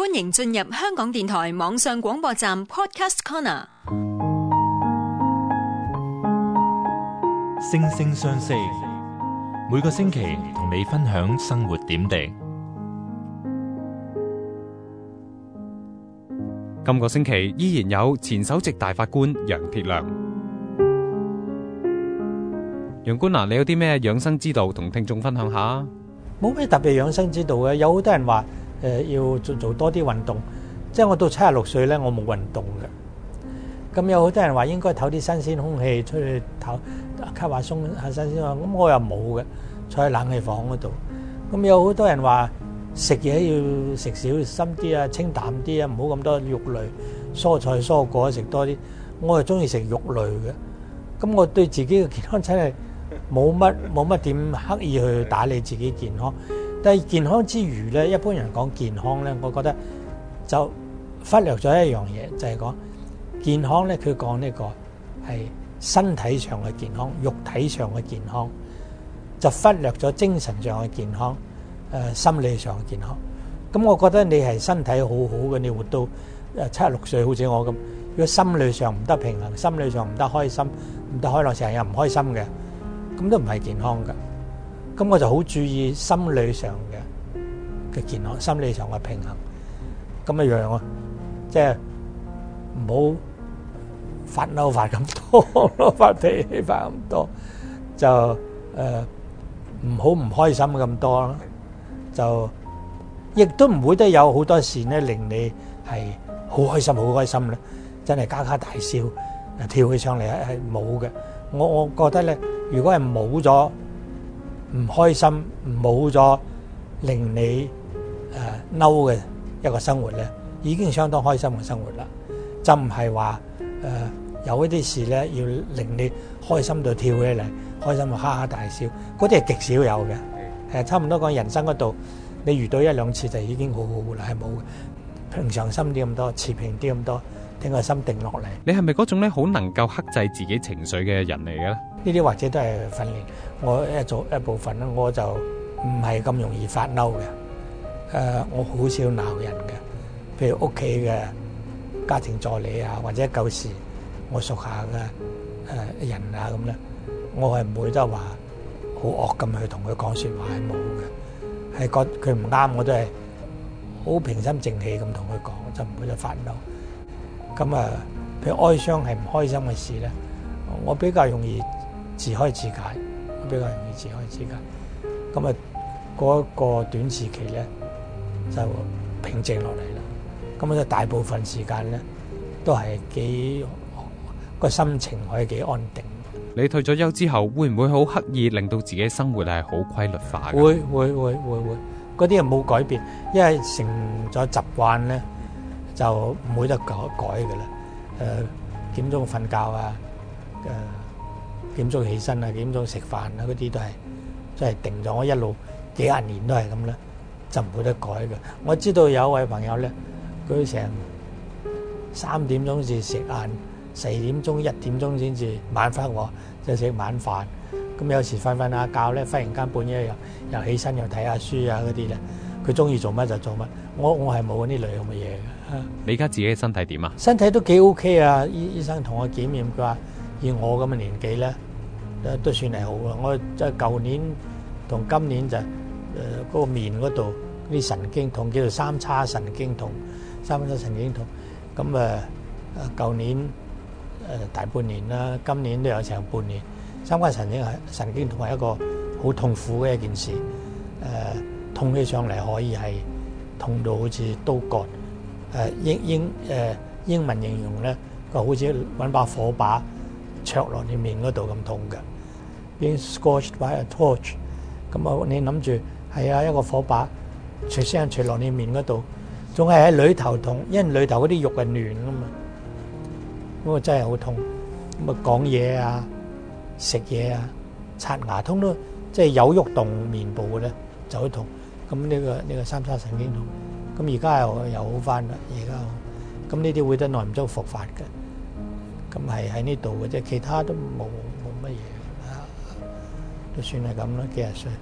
歡迎進入香港電台網上廣播站 Podcast Corner，星聲相識，每個星期同你分享生活點滴。今個星期依然有前首席大法官楊鐵樑、楊官，嗱，你有啲咩養生之道同聽眾分享下？冇咩特別養生之道嘅，有好多人話。誒要做做多啲運動，即係我到七十六歲咧，我冇運動嘅。咁有好多人話應該唞啲新鮮空氣，出去唞吸下鬆下新鮮空，咁我又冇嘅，坐喺冷氣房嗰度。咁有好多人話食嘢要食少心啲啊，清淡啲啊，唔好咁多肉類，蔬菜蔬果食多啲。我又中意食肉類嘅。咁我對自己嘅健康真係冇乜冇乜點刻意去打理自己健康。但係健康之餘咧，一般人講健康咧，我覺得就忽略咗一樣嘢，就係、是、講健康咧。佢講呢個係身體上嘅健康、肉體上嘅健康，就忽略咗精神上嘅健康、誒、呃、心理上嘅健康。咁、嗯、我覺得你係身體好好嘅，你活到誒七十六歲好似我咁，如果心理上唔得平衡、心理上唔得開心、唔得開朗，成日唔開心嘅，咁都唔係健康㗎。咁我就好注意心理上嘅嘅健康，心理上嘅平衡。咁一樣咯，即係唔好發嬲發咁多，發脾氣發咁多，就誒唔好唔開心咁多啦。就亦都唔會得有好多事咧令你係好開心好開心咧，真係家家大笑啊，跳起上嚟係係冇嘅。我我覺得咧，如果係冇咗。唔開心，冇咗令你誒嬲嘅一個生活咧，已經相當開心嘅生活啦。就唔係話誒有一啲事咧，要令你開心到跳起嚟，開心到哈哈大笑，嗰啲係極少有嘅。誒、呃、差唔多講人生嗰度，你遇到一兩次就已經好好啦，係冇嘅。平常心啲咁多，持平啲咁多，整個心定落嚟。你係咪嗰種咧，好能夠克制自己情緒嘅人嚟嘅咧？呢啲或者都係訓練，我一做一部分咧，我就唔係咁容易發嬲嘅。誒、呃，我好少鬧人嘅，譬如屋企嘅家庭助理啊，或者舊時我熟下嘅誒人啊咁咧，我係唔會都係話好惡咁去同佢講説話，係冇嘅。係覺得佢唔啱，我都係好平心靜氣咁同佢講，就唔會就發嬲。咁、嗯、啊，譬如哀傷係唔開心嘅事咧，我比較容易。自開自解，比較容易自開自解。咁啊，嗰一個短時期咧就平靜落嚟啦。咁啊，大部分時間咧都係幾個心情可以幾安定。你退咗休之後，會唔會好刻意令到自己生活係好規律化嘅？會會會會會，嗰啲人冇改變，因為成咗習慣咧就唔會得改改㗎啦。誒，點鐘瞓覺啊，誒。幾點鐘起身啊？幾點鐘食飯啊？嗰啲都係即係定咗，我一路幾廿年都係咁啦，就唔會得改嘅。我知道有一位朋友咧，佢成三點鐘至食晏，四點鐘一點鐘先至晚翻我，即係食晚飯。咁有時瞓瞓下覺咧，忽然間半夜又又起身又睇下書啊嗰啲咧。佢中意做乜就做乜。我我係冇呢類咁嘅嘢嘅。你而家自己身體點啊？身體都幾 OK 啊！醫醫生同我檢驗，佢話以我咁嘅年紀咧。誒都算係好啊！我即係舊年同今年就誒、呃，嗰個面嗰度啲神經痛，叫做三叉神經痛，三叉神經痛。咁誒，誒舊年誒、呃、大半年啦，今年都有成半年。三叉神經係神經痛係一個好痛苦嘅一件事。誒、呃、痛起上嚟可以係痛到好似刀割。誒、呃、英英誒英文形容咧，個好似揾把火把，灼落你面嗰度咁痛㗎，being scorched by a torch，咁啊你諗住係啊一個火把灼聲灼落你面嗰度，仲係喺裏頭痛，因為裏頭嗰啲肉係暖啊嘛，咁啊真係好痛，咁啊講嘢啊、食嘢啊、刷牙，通都即係有肉動面部嘅咧就好痛，咁呢個呢個三叉神經痛，咁而家又又好返啦，而家好，咁呢啲會得耐唔多復發嘅。咁係喺呢度嘅啫，其他都冇冇乜嘢啊，都算係咁啦，幾廿歲。